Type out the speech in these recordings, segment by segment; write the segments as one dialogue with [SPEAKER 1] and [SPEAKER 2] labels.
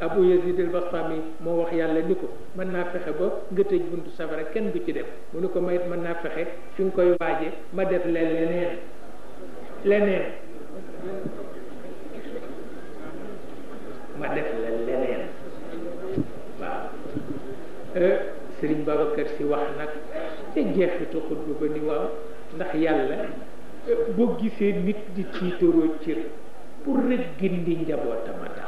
[SPEAKER 1] abu yazid al bastami mo wax yàlla niko man na fexe ba nga tëj buntu safara ken du ci dem mu ni mayit man na fexe fi ng koy wajé ma def leen leneen leneen
[SPEAKER 2] ma def la leneen
[SPEAKER 1] euh serigne babakar ci wax nak ci jeexitu xutba ba ni waaw ndax yàlla bo gisé nit di ci toro ci pour rek gindi njabootam a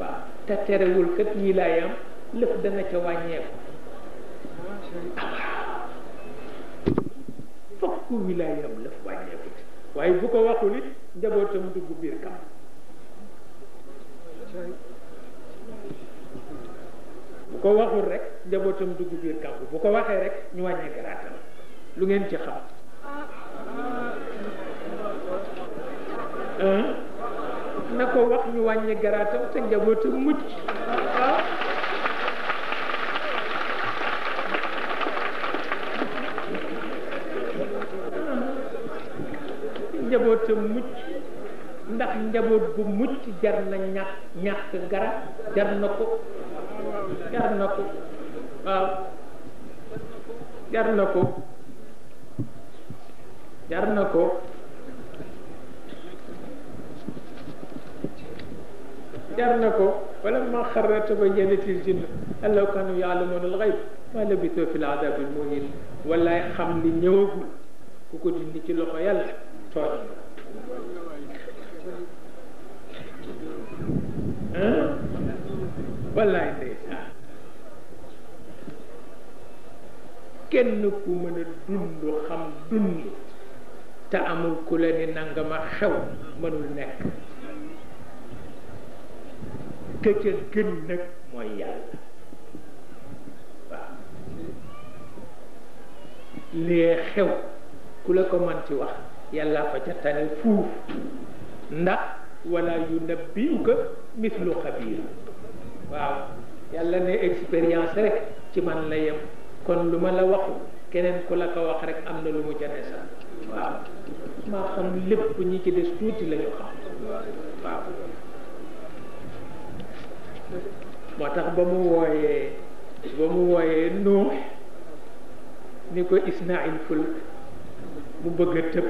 [SPEAKER 1] waaw te terewul kat yii laay am lëf dana ca wàññeeku fokk wilaayam lëf wàññeeku waaye bu ko waxul it njabootam dugg biir kam bu ko waxul rek njabootam dugg biir kamp bu ko waxee rek ñu wàññi garaatam lu ngeen ci xam ah, ah. na ko wax ñu wàññi garaatam te njabootam mucc waaw njabootam mucc ndax njaboot bu mucc jar na ñàkk ñàkk garab jar na ko jar na ko waaw jar na ko jar na ko jar na ko wala ma xarra tabayanatil jinna allaw kanu yaalamoon al xayb ma labitoo fi l adabil muhin walaay xam li ñëwagul ku ko dindi ci loxo yàlla tooñ wallaay ndeysaan kenn ku mën a dund xam dund te amul ku la ni nangama xew mënul nekk ka ca gën nag mooy yàlla waaw lee xew ku la ko mën ci wax yàlla ko ca tane fuuf ndax wala yu nabbiuka lu xabiir waaw yàlla ne expérience rek ci man la yem kon lu ma la waxu keneen ku la ko wax rek am na lu mu ca ne sax waaw maa xam lépp ñi ci des tuuti la xam waaw moo tax ba mu wooyee ba mu wooyee nuux ni ko isnail fulk mu bëgg a tëb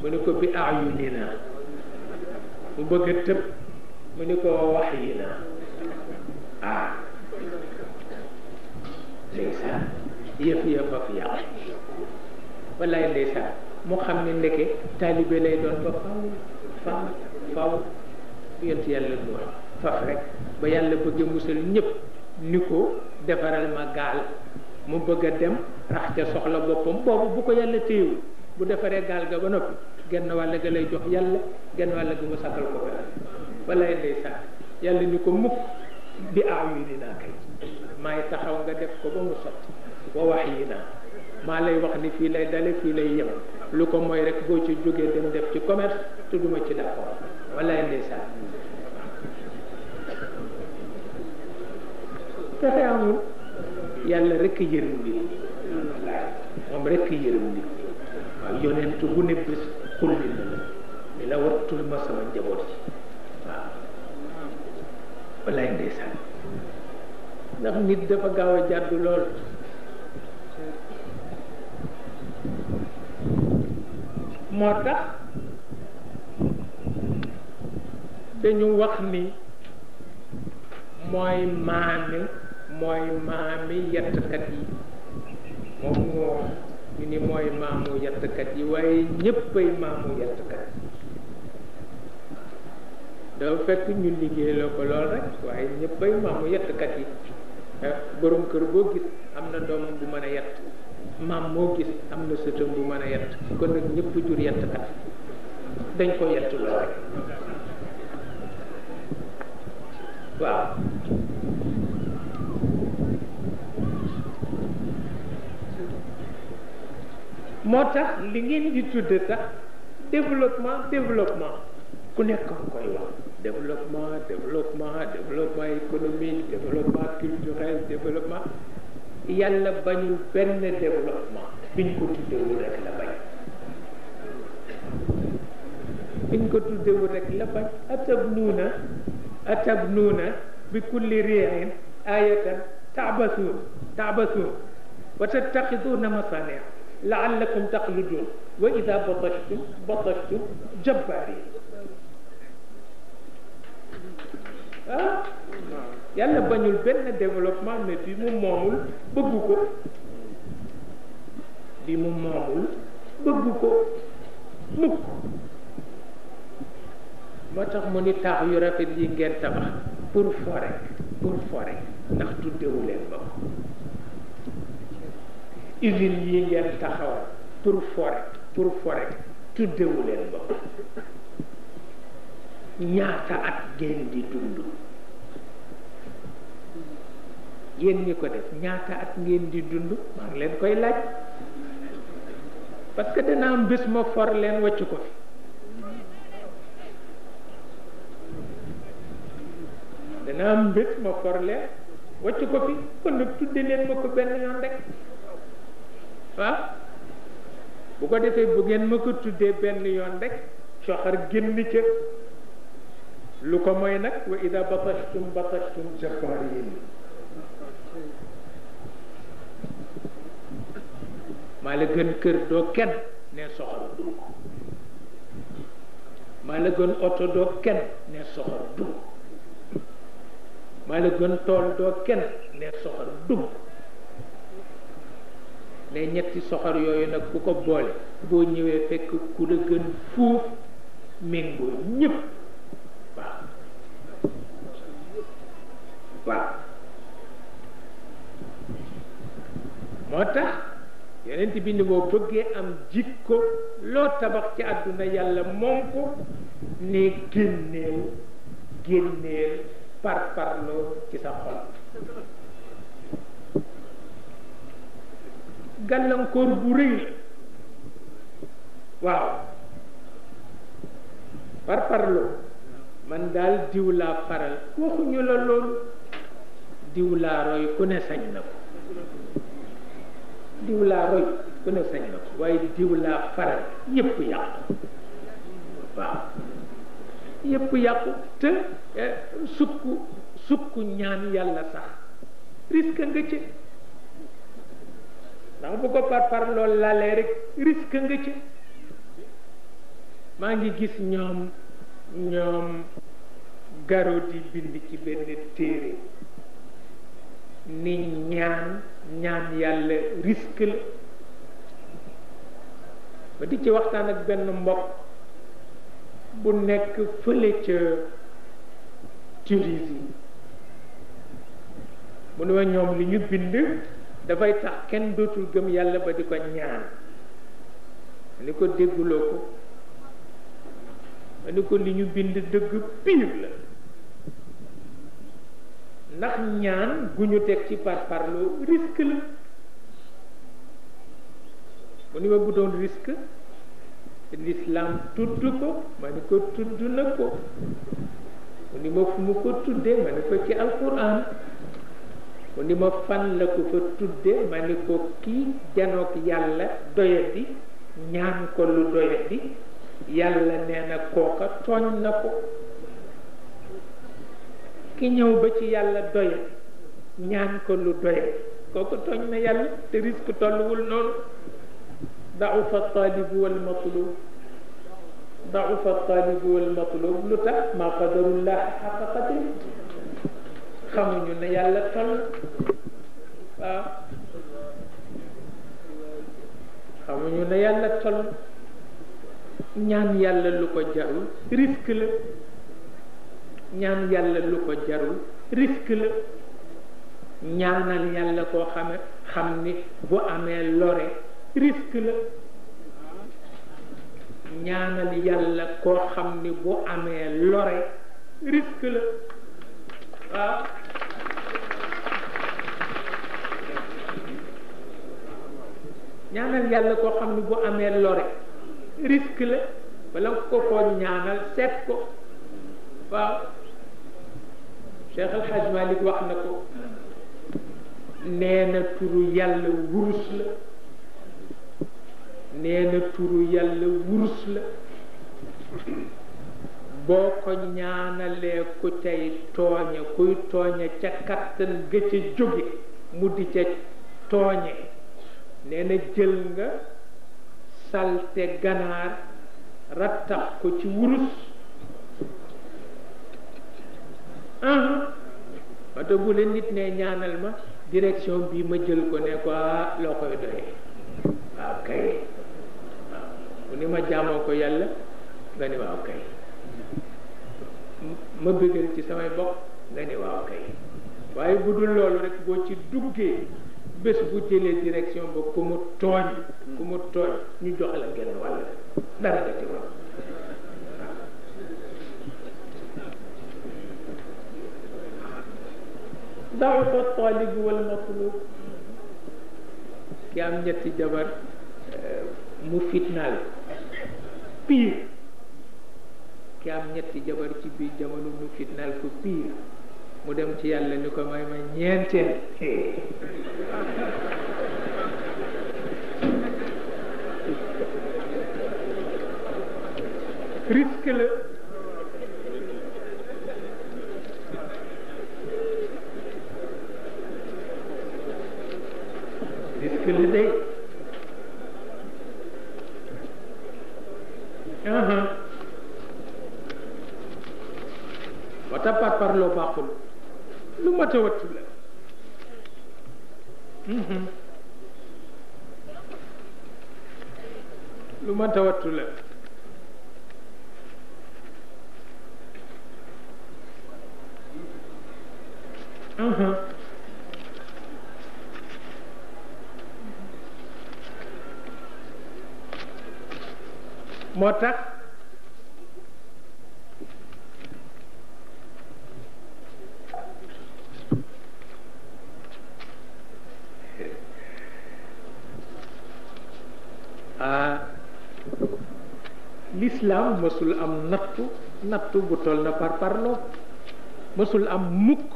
[SPEAKER 1] mu ni ko bi ayunina mu bëgg a tëb mu ni ko wax yi na ah ndeysaan yëf ya faf yàq wallaay ndeysaan mu xam ne ndeke taalibe lay doon ba faw faw faw yonti yàlla nuux faf rek ba yàlla bëgg musal ñëpp ni ko defaral ma gaal mu bëgg a dem rax ca soxla boppam boobu bu ko yàlla téyewu bu defaree gaal ga ba noppi genn wàll ga lay jox yàlla genn wàll ga mu sakkal ko benn walay ndeysaan yàlla ko mukk bi aaw yi dinaa kay taxaw nga def ko ba yi naa maa lay wax ni fii lay dale fii lay yem lu ko mooy rek boo ci jógee dem def ci commerce te duma ci d'accord walay ndeysaan pexe amul yàlla rekk yërëm bi moom rekk yërëm bi waaw yonent bu ne xulli na la mi la wattul ma sama njaboot ci waaw walaay ndeysaan ndax nit dafa gaaw a jàddu lool moo tax dañu wax ni mooy maane mooy maami yettkat yi moom moo ñu ni mooy maamu yettkat yi waaye ñéppay maamu yettkat dafa fekk ñu liggéey la ko lool rek waaye ñéppay maamu yettkat yi eh, borom kër boo gis am na doomam bu mën a yett maam moo gis am na sëtam bu mën a yett kon nag ñépp jur yettkat
[SPEAKER 2] dañ ko yett lool
[SPEAKER 1] rek waaw moo tax li ngeen di tudde sax développement développement ku nekk koy wax développement développement développement économique développement culturel développement yàlla bañul benn développement biñ ko tuddewul rek la bañ biñ ko tuddewul rek la bañ atabnuuna atabnuuna bi kulli riin ayatan taabasuun taabasuun wa tattaxiduuna masaniya لعلكم تقلدون وإذا بطشتم بطشتم جبارين يلا بنيو البن ديفلوبمون مي بي موم مامول بغوكو بي موم مامول بغوكو نوك ما تخ موني تاخ يو رافيت لي نين تابخ بور فوريك بور فوريك نحن تودي وولين باكو usine yi ngeen taxaw pour forêt pour forêt tuddewu leen bopp ñaata at ngeen di dund yéen ñi ko def ñaata at ngeen di dund maa leen koy laaj parce que dana am bés ma for leen ko fi dana am ma for leen ko fi kon nag tudde leen ma benn yoon rek waaw bu ko defee bu ngeen ma ko tuddee benn yoon rekk soxar génn ca lu ko moy nag wa ida batashtum batashtum jabbaariin maa la gën kër doo kenn ne soxor dugg maa ne la gën tool doo kenn ne soxor dugg ne ñetti soxor yooyu nag ku ko boole boo ñëwee fekk ku la gën fuuf méngoo ñëpp moo tax yonent bi ni boo bëggee am jikko loo tabax ci àdduna yàlla moom ko ne génneel génneel par parloo ci sa xol gàllankoor bu rëy la waaw par parloo man daal diw laa faral waxuñu la loolu diw laa roy ku ne sañ na ko diw laa roy ku ne sañ na ko waaye diw laa yépp yàqu waaw yépp yàqu te sukku eh, sukku ñaan yàlla sax risque nga ci ndax bu ko par par rek risque nga ci maa ngi gis ñoom ñoom garo di bind ci benn téere ni ñaan ñaan yàlla risque la ba di ci waxtaan ak benn mbokk bu nekk fële ca Tunisie mu ne ñoom li ñu bind dafay tax kenn dootul gëm yàlla ba di ko ñaan ni ko dégguloo ko ni ko li ñu bind dëgg piir la ndax ñaan gu ñu teg ci par parloo risque la mu ni ma bu doon risque l'islam tudd ko ma ni ko tudd na ko mu ni ma fu mu ko tuddee ma ni ko ci alquran mu ni ma fan la ko fa tudde ma ni ko kii janoog yàlla doyadi ñaan ko lu doyadi yàlla nee na kooka tooñ na ko ki ñëw ba ci yàlla doyadi ñaan ko lu doyadi kooka tooñ na yàlla te risque tolluwul noonu daufa taalibu wal matlub daufa taalibu wal matlub lu tax ma qadarullah xaqa qadri xamuñu ne yàlla toll waaw xamuñu ne yàlla toll ñaan yàlla lu ko jarul risque la ñaan yàlla lu ko jarul risque la ñaanal yàlla koo xame xam ni bu amee lore risque la ñaanal yàlla koo xam ni bu amee lore risque la waaw ñaanal yàlla koo xam ne bu amee lore risque la bala nga ko ko ñaanal seet ko waaw Cheikh El Hadj wax na ko nee na turu yàlla wurus la nee turu yàlla wurus la boo ko ñaanalee ku cay tooñe kuy tooñe ca kattan ga ca jóge mu di ca tooñe nee jël nga salte ganaar rattax ko ci wurus wata ah, bu leen nit ne ñaanal ma direction bi ma jël ko ne ko ah, loo koy doyee waaw ah, kay waaw mu ni ma jaamoo ko yàlla nga ni waaw kay ma bëggal ci samay bokk nga ne waaw kay waaye bu dul loolu rek boo ci duggee bés bu jëlee direction ba ku mu tooñ ku mu tooñ ñu jox la genn wàll
[SPEAKER 2] dara nga ci wax
[SPEAKER 1] dafa taalib wal matlub ki am ñetti jabar euh, mu fitnaal pire ki am ñetti jabar ci biir jamono ñu fitnaal ko piir mu dem ci yàlla ni ko may ma ñeenteel
[SPEAKER 2] risque la
[SPEAKER 1] mësul am nattu nattu bu toll na par parloo mësul am mukk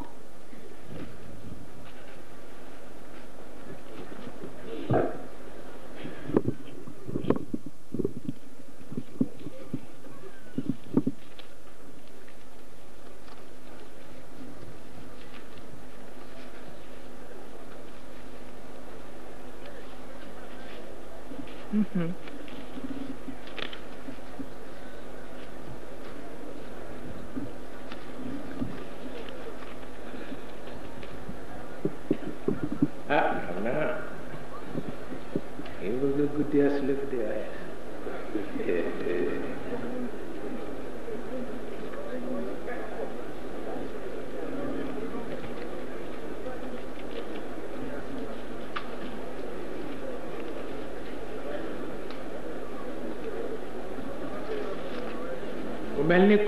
[SPEAKER 1] mel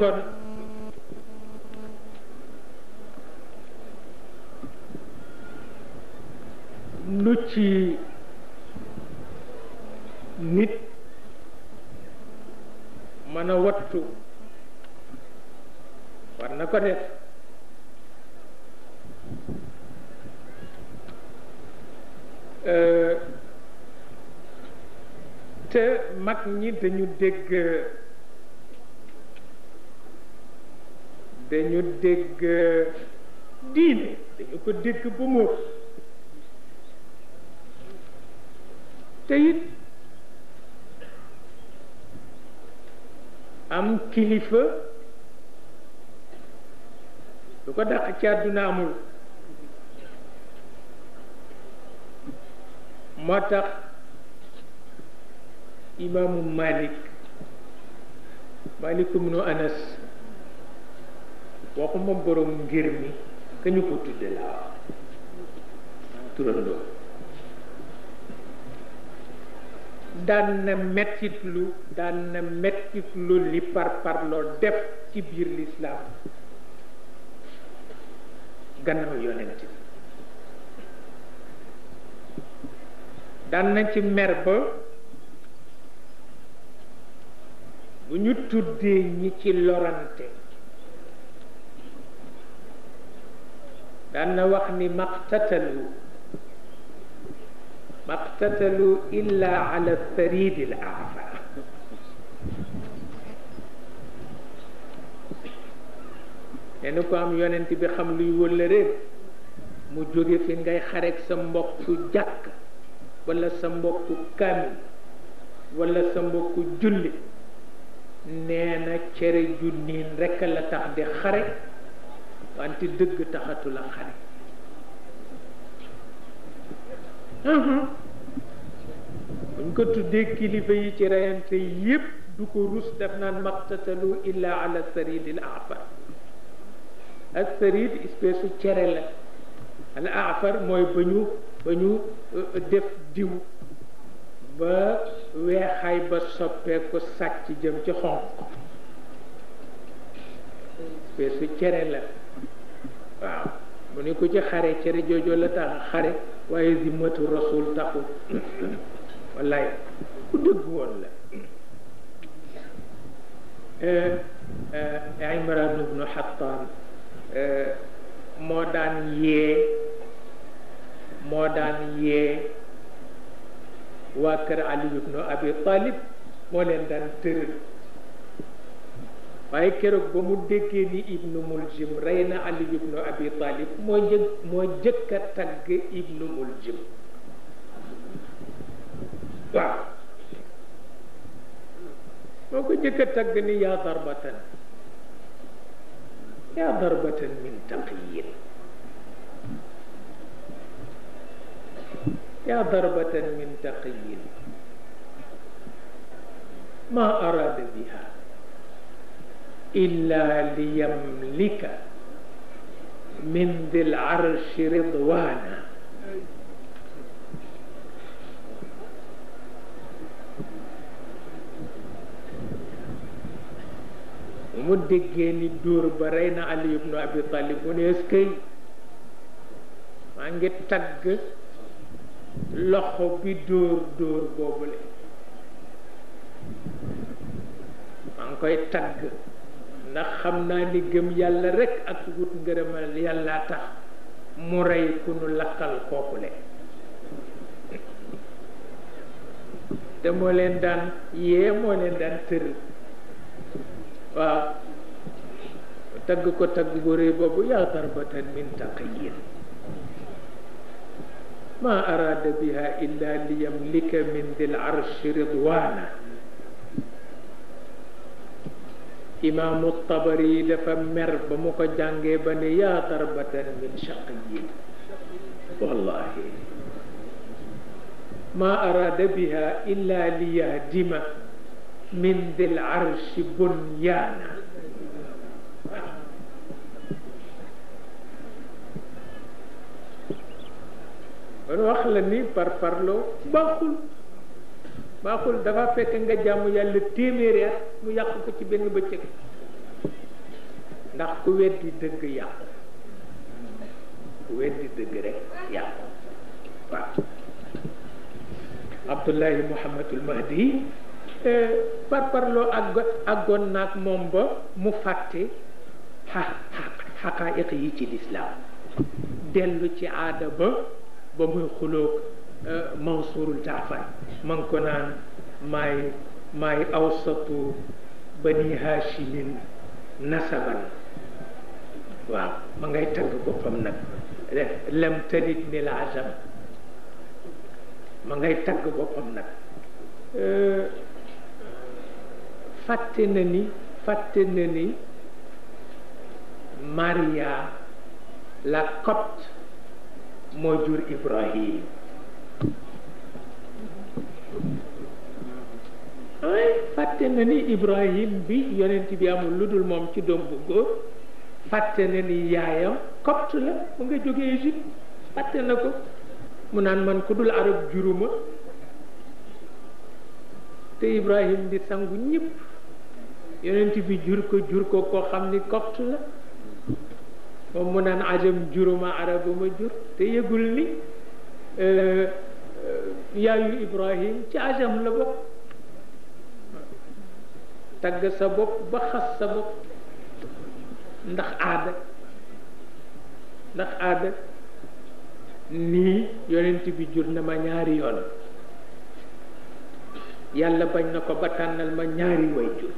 [SPEAKER 1] lu ci nit mën a wattu war na ko def euh, te mag ñi dañu dégg dañu dégg diine dañu ko dégg bu mu te am kilifa lu ko dàq ci àdduna amul moo tax imaamu Malik Malik ibnu Anas waxuma borom ngir mi ka ñu ko tudde laa wax daan na mettit daan na mettit li par parloo def ci biir lislaam gannaaw yonent bi daan na ci mer bu ñu tuddee ñi ci lorante دانا وخني ما اقتتلوا ما اقتتلوا إلا على الثريد الأعفى لأنه يعني قام يوننتي بخم لي ولريب مجوري فين غاي خارك سمبوك جاك ولا سمبوك كامل ولا سمبوك جولي نانا تشري جنين رك لا خارك wante dëgg taxatu la xarit buñ ko tuddee kilifa yi ci reyante yépp du ko rus def naan maqtatalu illa ala saridil afar ak sarid espèce u cere la al afar mooy ba ñu ba ñu def diw ba weexaay ba soppeeku sàcc jëm ci xonq espèce u cere la waaw mu ni ku ci xare cere joojoo la tax xare waaye zimmatu rasul taxul wallaay ku dëgg woon la eh, eh, Imran ibnu eh, moo daan yee moo daan yee waa kër Ali ibnu Abi Talib moo leen daan tëral waaye keroog ba mu déggee ni ibnu muljim rey na ali ibnu abi talib moo jëkk moo jëkk a tagg ibnu muljim waaw moo ko jëkk a tagg ni yaa darbatan
[SPEAKER 2] yaa darbatan
[SPEAKER 1] min taqiyin yaa darbatan min taqiyin ma arada biha إلا ليملك من ذي العرش رضوانا ومدقين الدور برينا علي بن أبي طالب ونسكي مانجي تق لخو بدور دور بوبلي مانكوي تق ndax xam naa ni gëm yàlla rekk ak wut ngërëmal yàlla tax mu rey ku nu lakkal kookule te moo leen daan yee moo leen daan tëral waaw tagg ko tagg bu rëy boobu yaa darbatan min taqiyin ma arada biha illa liyamlika min dil arshi ridwana imaamu tabari dafa mer ba mu ko jàngee ba ne yaa tarbatan min shaqiyin wallahi ma araada biha illa li yahdima min dil arshi bunyaana wax la ni par parlo baaxul baaxul dafa fekk nga jàmm yàlla téeméeri at mu yàq ko ci benn bëccëg ndax ku weddi dëgg yàqu ku weddi dëgg rek yàqu waaw Abdullahi Muhammadul Mahdi eh, par parloo ak àggoon naag moom ba mu fàtte xa xaqaayiq yi ci lislaam dellu ci aada ba ba muy xulóog Eh, mansurul jaafar ma ngi ko naan maay maay awsatu bani haashimin nasaban waaw ma ngay tagg boppam nag eh, lam talit nil ajam ma ngay tagg boppam nag eh, fàtte na ni fàtte na ni Maria la copte moo jur Ibrahim fàtte na ni Ibrahim bi yonent bi amul lu dul moom ci doom bu góor fàtte na ni yaayam copte la mu nga jógee Égypte fàtte na ko mu naan man ku dul arab juruma te Ibrahim di sangu ñépp yonent bi jur ko jur ko koo xam ni copte la moom mu naan ajam juruma arabuma jur te yëgul ni euh, euh, yaayu Ibrahim ci ajam la bokk tagg sa bopp ba xas sa bopp ndax aada ndax aada nii yonent bi jur na ma ñaari yoon yàlla bañ na ko ba tànnal ma ñaari way jur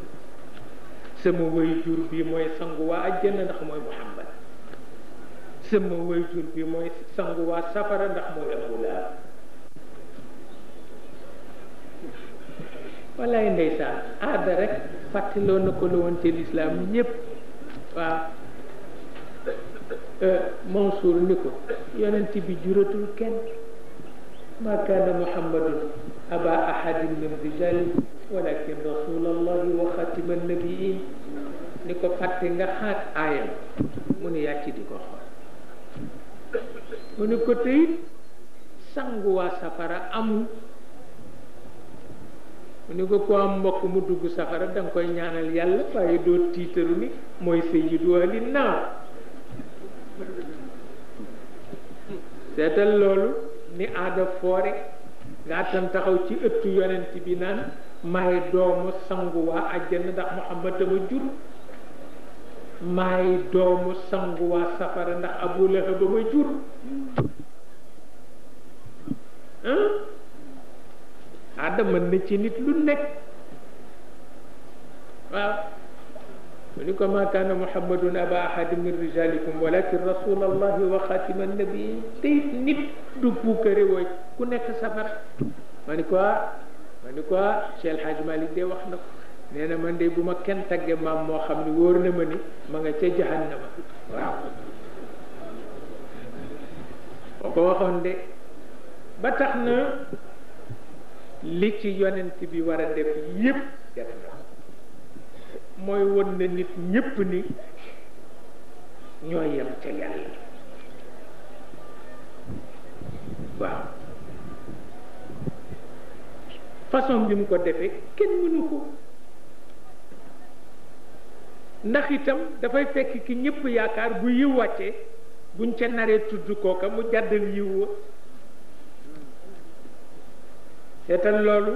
[SPEAKER 1] sama way jur bi mooy sangu waa ajjana ndax mooy muhammad sama way jur bi mooy sangu waa safara ndax mooy abulaal wallaay ndeysaan aada rek fàttaloo na ko la ci lislaam ñëpp waaw euh, Mansour ni ko yonent bi juratul kenn ma kaana muhammadun aba ahadin min rijali walakin rasulallahi wa xatima nabiin ni ko fàtte nga xaat aayam mu ni yàcc di ko xool mu ni ko teyit sangu safara amul Ya, ni ko ko am mbokk mu dugg safara dang koy ñaanal yalla waaye do titeru ni mooy nah. sayyidu ali na setal loolu ni ada fore nga tam taxaw ci ëttu yonent bi naan may doomu sangu wa àjjana ndax muhammad ma jur may doomu sangu wa safara ndax abu lahab jur aada mën ci nit lu nekk waaw mu ni ma kaana mu aba ahad min rijalikum walakin rasul allahi wa xatima annabii te nit du puukare woo ku nekk safara ma ni ko ah. ma ni ko ah, Cheikh El Hadj wax na ko na man de bu ma kenn tagge moo xam ni wóor na ma ni ma nga ca jahannama waaw boo ko waxoon ba tax na li ci yonent bi war a def yépp mooy won na nit ñépp ni ñoo yem ca yàlla waaw façon bi mu ko defee kenn mënu ko ndax itam dafay fekk ki ñépp yaakaar bu yiw wàccee buñ ca naree tudd kooka mu jàddal yiw seetal loolu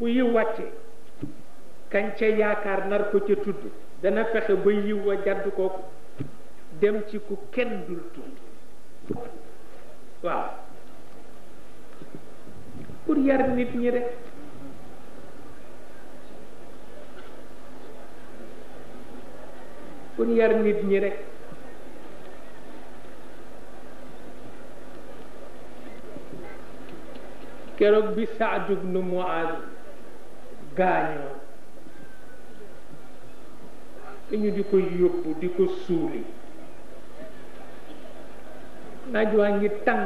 [SPEAKER 1] bu yiw wàcce kañ ca yaakaar nar ko ca tudd dana fexe ba yiw wa jàdd ko dem ci ku kenn dul tudd waaw pour yar nit ñi rek pour yar nit ñi rek keroog bi Saad ibnu Muaaz gaañoo ñu di ko yóbbu di ko suuli naaj waa ngi tàng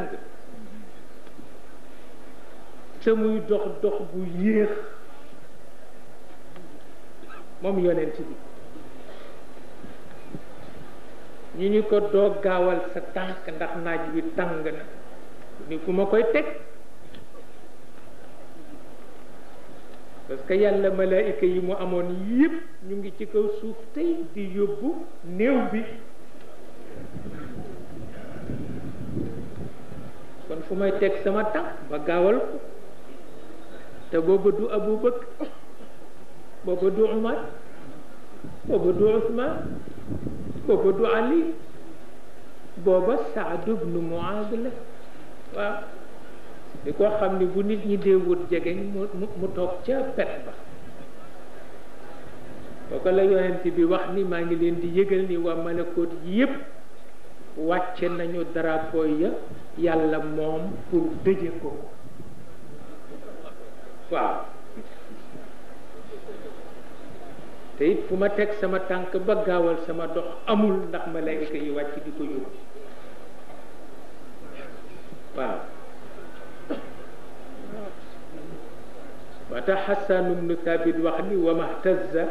[SPEAKER 1] te muy dox dox bu yéex moom yonent bi ñu ñu ko doo gaawal sa tànk ndax naaj wi tàng na ni ma koy teg parce que yàlla malaayika yi mu amoon yépp ñu ngi ci kaw suuf tey di yóbbu néew bi kon fu may teg sama tànk ba gaawal ko te booba du Abu Bakr booba du Umar booba du Usman booba du Ali booba Saad ibnu Muaad la waaw di ko xam ni bu nit ñi dee wut jegeñ mu mu toog ca pet ba kooku la yonent bi wax ni maa ngi leen di yëgal ni waa malakoot yépp wàcce nañu drapeau ya yàlla moom pour dëje ko waaw te fu ma teg sama tànk ba gaawal sama dox amul ndax malaayika yi wàcc di ko yóbbu waaw ba tax xasaanu bnu thabit wax ni wa mahtaza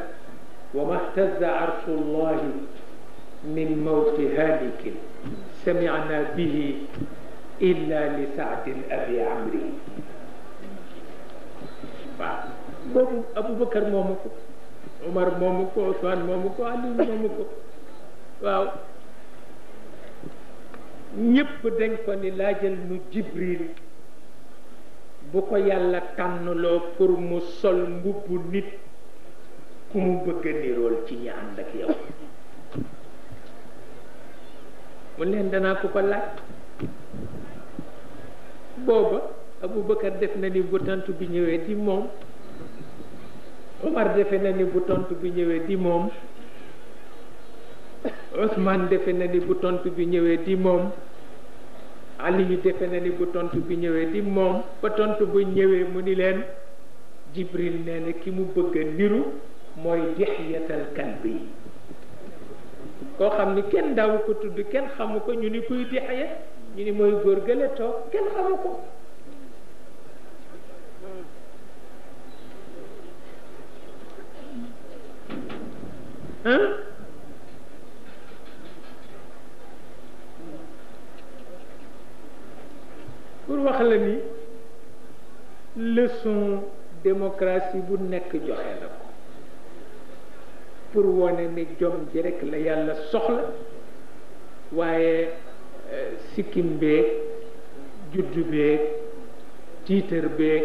[SPEAKER 1] wa mahtaza arshullahi min mawti halikin سمعنا به إلا لسعد أبي عمرو بوبو أبو بكر مومكو عمر مومكو عثمان مومكو علي مومكو واو ñepp dañ ko ni laajal nu jibril bu ko yàlla tànnloo pour mu sol mbubbu nit ku mu bëgg a nirool ci ñi ànd ak yow mu leen danaa ko ko laaj booba Aboubacar def na ni bu tontu bi ñëwee di moom Omar defe na ni bu tontu bi ñëwee di moom Ousmane defe na ni bu tontu bi ñëwee di moom alihi defene ni bu tontu bi ñëwee di moom ba tontu bu ñëwee mu ni leen jibril neene ki mu bëgg a niru mooy dixyatal kalbi koo xam ni kenn daawu ko tudd kenn xamu ko ñu ni kuy dixya ñu ni mooy góor gële toog kenn xamu ko hein leçon démocratie bu nekk joxe la ko pour wone ni jom ji rek la yàlla soxla waaye euh, sikkim beeg juddu beeg tiitër beeg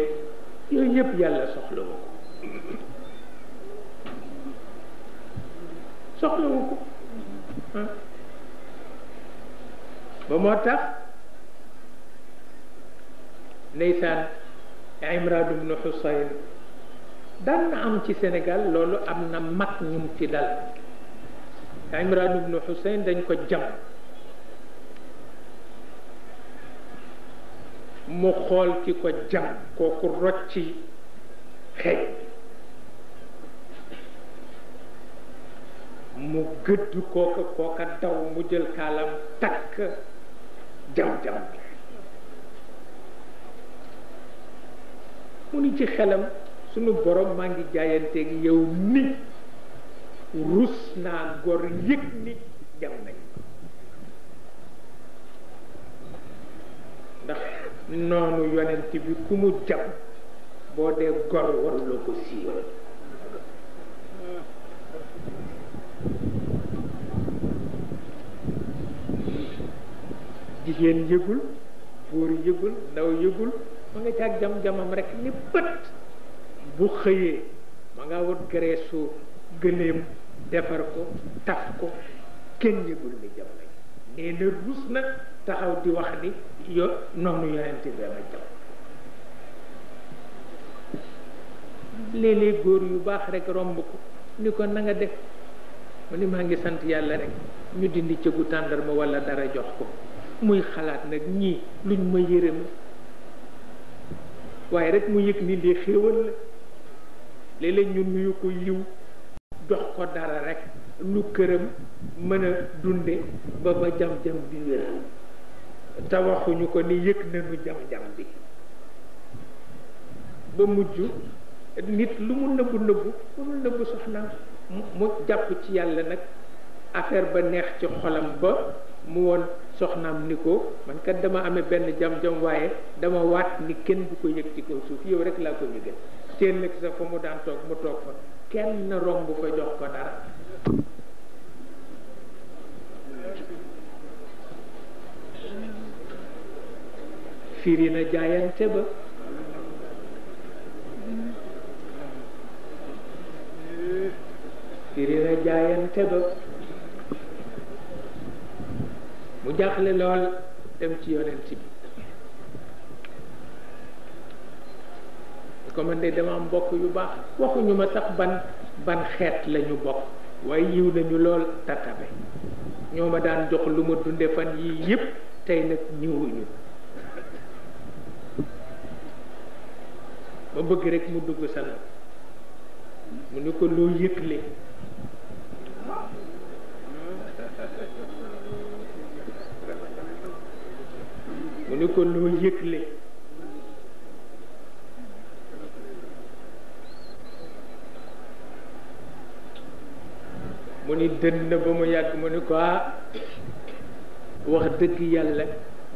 [SPEAKER 2] yooyu yëpp yàlla
[SPEAKER 1] soxlawu ko soxlawu ko ba moo tax ndeysaan Imran ibn Husayn daan na am ci Sénégal loolu am na mag ñum fi dal Imran ibn Husayn dañ ko jam mu xool ki ko jam kooku rocci xeej mu gëdd kooka kooka daw mu jël kaalam takk jam jam mu ni ci xelam sunu borom maa ngi jaayanteeg yow ni rus naa gor yëg ni dem nañ ndax noonu yonent bi ku mu jam boo dee gor waruloo ko siiwal jigéen yëgul buur yëgul ndaw yëgul ma nga caag jam-jamam rek ni bët
[SPEAKER 2] bu xëyee
[SPEAKER 1] ma nga wut greesu gëléem defar ko taf ko kenn yëgul ni jam nañ rus na taxaw di wax ni yo noonu yonent bi jam léeg góor yu baax rekk romb ko ni ko nanga def mu ni maa ngi sant yàlla rek ñu dindi cëgu tàndarma walla dara jox ko muy xalaat nag ñii luñ ma yërëme waaye rek mu yëg ni lii xéewal la léeg ñu nuyu ko yiw jox ko dara rekk lu këram mën a dunde ba ba jam-jam bi wér te waxuñu ko ni yëg nañu jam-jam bi ba mujj nit lu mu nëbbu nëbbu mënul nëbbu soxnaam mu jàpp ci yàlla nag affaire ba neex ci xolam ba mu woon soxnaam ni ko man kat dama amee benn jam-jam waaye dama waat ni kenn bu ko yëg ci kaw suuf yow rek laa ko yëgal seen nag sa fa mu daan toog mu toog fa kenn romb fa jox ko dara firi na jaayante ba mu jaaxle lool dem ci yonent bi ko man de dama am mbokk yu baax waxuñu ma sax ban ban xeet lañu bokk waaye yiw nañu lool tatabe ñoo ma daan jox lu ma dunde fan yii yëpp tey nag ñiwuñu ma bëgg rekk mu dugg sanam mu ni ko loo yëgle ni ko loo yëgle mu ni dënn ba mu yàgg mu ni ko ah wax dëgg yàlla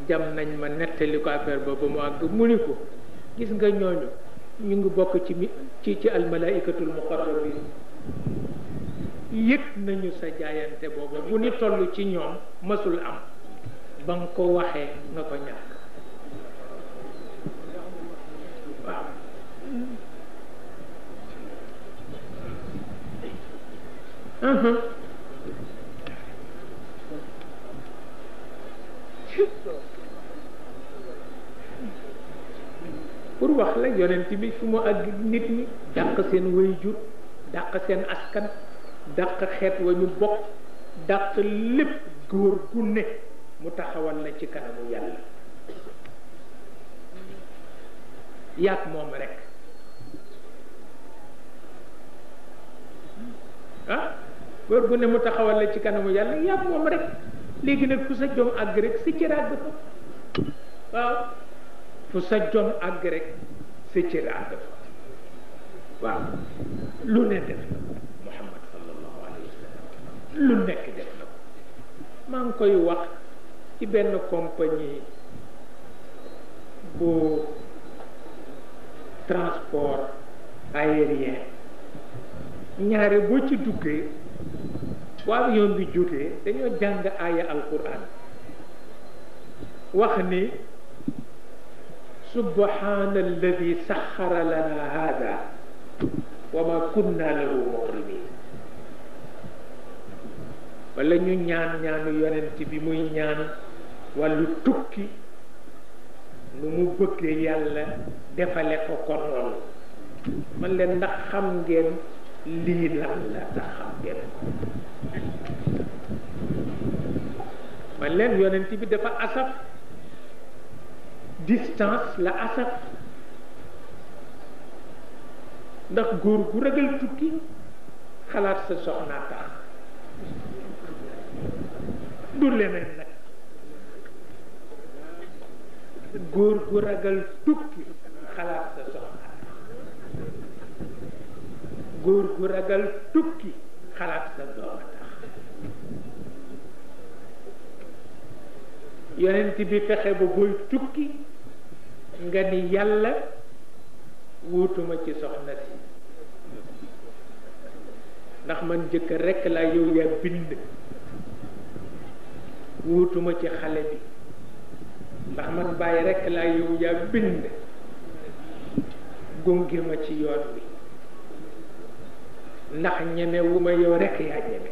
[SPEAKER 1] jam nañ ma nettali ko affaire ba mu àgg mu ni ko gis nga ñooñu ñu ngi bokk ci mi ci ci almalaikatul muqarrabin yëg nañu sa jaayante booba bu ni toll ci ñoom masul am ba nga ko waxee nga ko ñaar pour wax la yonent bi fu mu àgg nit ñi dàq seen way jur dàq seen askan dàq xeet wa ñu bokk dàq lépp góor gu mu taxawal la ci kanamu yàlla yaat moom rekk ah góor gu ne mu taxawal la ci kanamu yàlla yàpp moom rek léegi nag fu sa jom àgg rek sa cër àgg fa waaw fu sa jom àgg rek sa cër àgg fa waaw lu ne def na ko Muhammad sallallahu alayhi wa sallam lu nekk def na ko maa ngi koy wax ci benn compagnie bu transport aérien ñaare boo ci duggee waaw yoon bi jotee dañoo jàng aaya alquran wax ni subhana alladi saxara lana hada wa ma kunna ñu ñaan ñaanu yonent bi muy ñaan wàllu tukki nu mu bëggee yàlla defale ko ko noonu man leen ndax xam ngeen lii lan la tax xam ngeen man leen yonent bi dafa asaf distance la asaf ndax góor gu ragal tukki xalaat sa soxna tax du leneen nag góor gu ragal tukki xalaat góor gu ragal tukki xalaat sa doom a yonent bi fexe ba booy tukki nga ni yàlla wutuma ci soxna si ndax man jëkk rekk laa yow yaa bind wutuma ci xale bi ndax man bàyyi rekk laa yow yaa bind gunge ma ci yoon bi ndax ñeme wu ma yow rekk yaa ñeme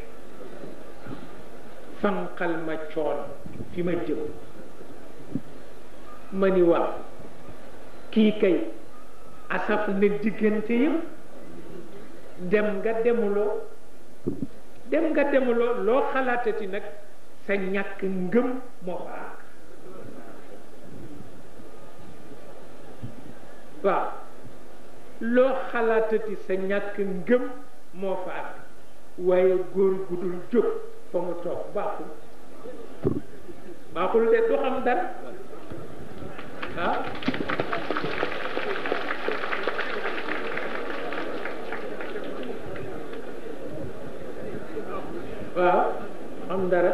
[SPEAKER 1] fanqal ma coon fi ma jëm ma ni waaw kii kay asaf na diggante yëpp dem nga demuloo dem nga demuloo loo xalaatati nag sa ñàkk ngëm moo fa àgg waaw loo xalaatati sa ñàkk ngëm moo fa waaye góor gudul jóg fa mu toog baaxul baaxul de du xam dara ah? waaw xam dara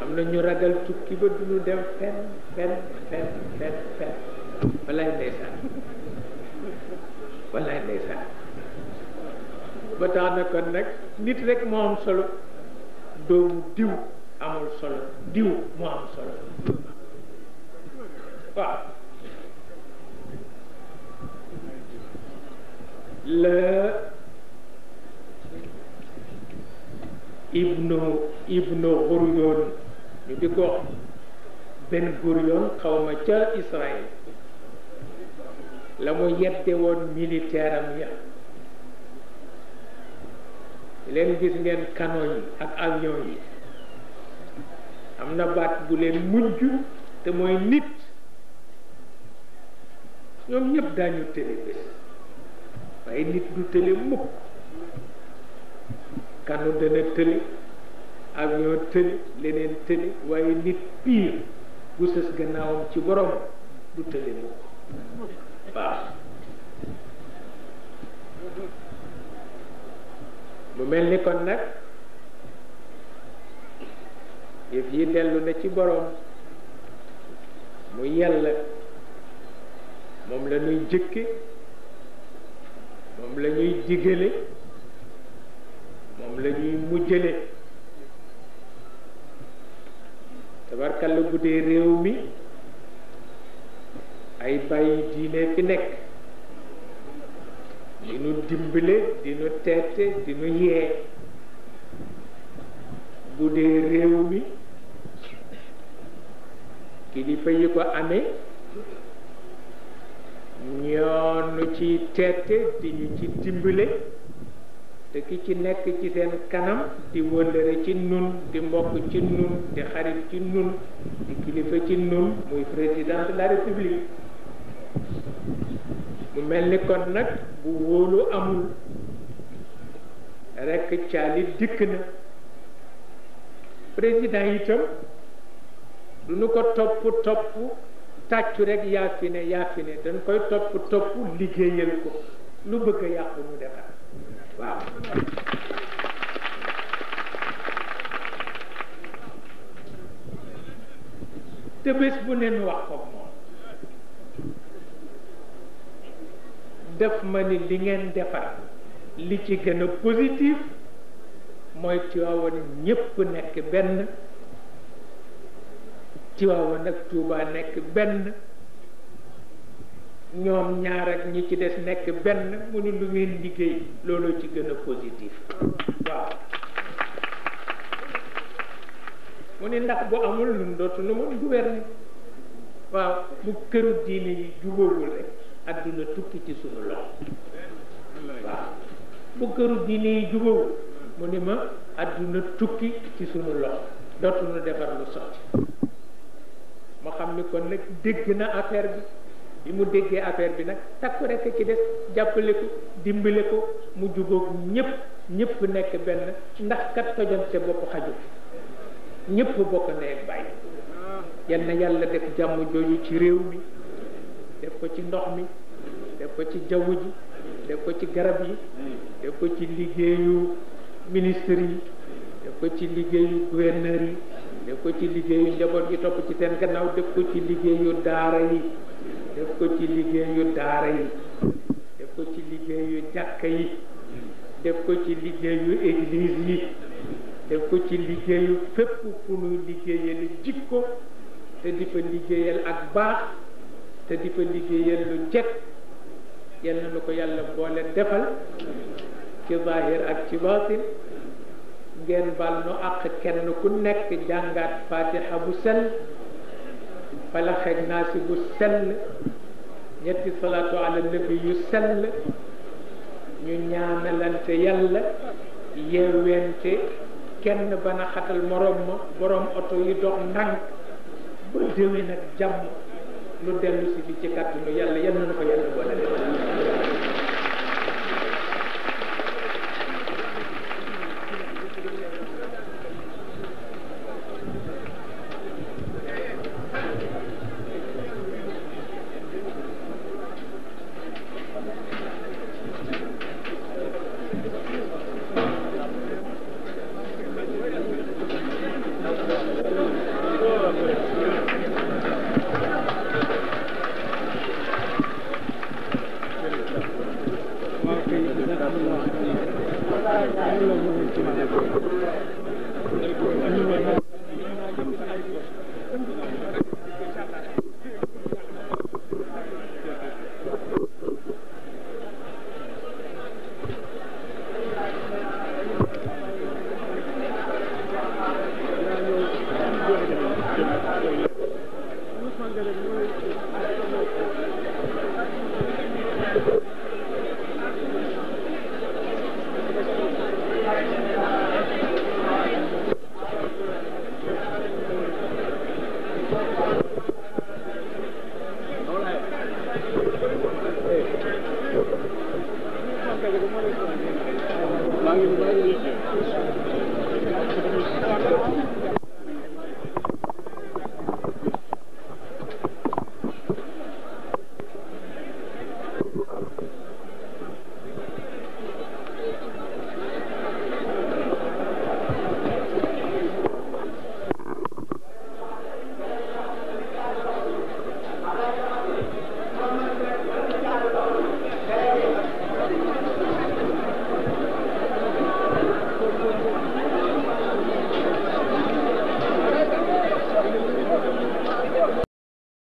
[SPEAKER 1] am na ñu ragal tukki ba du ñu dem fenn fenn fenn fenn fenn walaay ndeysaan walaay ndeysaan ba tax na nag nit rek moo am solo doomu diw amul solo diw moo am solo waaw la ibnu ibnu Gurion ñu di ko Ben Gurion xawma ca Israël la mu yedde woon militaire am leen gis ngeen canon yi ak avion yi am na baat bu leen mujj te mooy nit ñoom ñépp daañu tële bés waaye nit du tële mukk canon dana tële avion tële leneen tële waaye nit pire bu sës gannaawam ci borom du tële mukk waaw mu mel ni kon nag yëf yi dellu na ci boroom mu yàlla moom la ñuy jëkke moom la ñuy digale moom la ñuy mujjale tabarkalla la dee réew mi ay bàyyi diine fi nekk li nu dimbale di nu teete di nu yee bu dee réew mi kilifa yi ko amee ñoonu ci teete di ñu ci dimbale te ki ci nekk ci seen kanam di wëllëre ci nun di mbokk ci nun di xarit ci nun di kilifa ci nun muy président de la république mu mel ni kon nag bu wóolu amul rekk caalit dikk na président itam du ñu ko topp topp tàccu rekk yaa fi ne yaa fi ne dañ koy topp topp liggéeyal ko lu bëgg a yàqu mu defar waaw bu neen wax def ma ni li ngeen defar li ci gën a positif mooy Tiwaawan ñépp nekk benn Tiwaawan ak Tuuba nekk benn ñoom ñaar ak ñi ci des nekk benn mu ni lu ngeen liggéey loolu ci gën a positif waaw mu ni ndax bu amul lu dootu lu mun gouverner waaw bu këru diine yi jubóowul rek adduna tukki ci sunu loxo waaw bu këru diine yi mu ni ma adduna tukki ci sunu loxo dootuñu defar lu sotti ma xam ni kon nag dégg na affaire bi bi mu déggee affaire bi nag takku rekk ci des jàppale ko dimbale ko mu jubóog ñëpp ñëpp nekk benn ndax kat tojante bopp xaju ñëpp bokk na ak bàyyi yal na yàlla def jàmm jooju ci réew mi def ko ci ndox mi def ko ci jaww ji def ko ci garab yi def ko ci liggéeyu ministre yi def ko ci liggéeyu gouverneur yi def ko ci liggéeyu njaboot gi topp ci seen gannaaw def ko ci liggéeyu daara yi def ko ci liggéeyu daara yi def ko ci liggéeyu jàkka yi def ko ci liggéeyu église yi def ko ci liggéeyu fépp fu nuy liggéeyal jikko te di fa liggéeyal ak baax te di fa liggéeyal lu jekk yal na nu ko yàlla boole defal ci zahir ak ci baatin ngeen bal nu àq kenn ku nekk jàngaat fatiha bu sell falaxeeg naasi bu sell ñetti salaatu ala nabi yu sell ñu ñaanalante yàlla yeewente kenn bana xatal moroom ma boroom oto yi dox ndànk ba déwén ak jàmm nu dellu si fi ci kàttanu yàlla yal na nu ko yàlla boole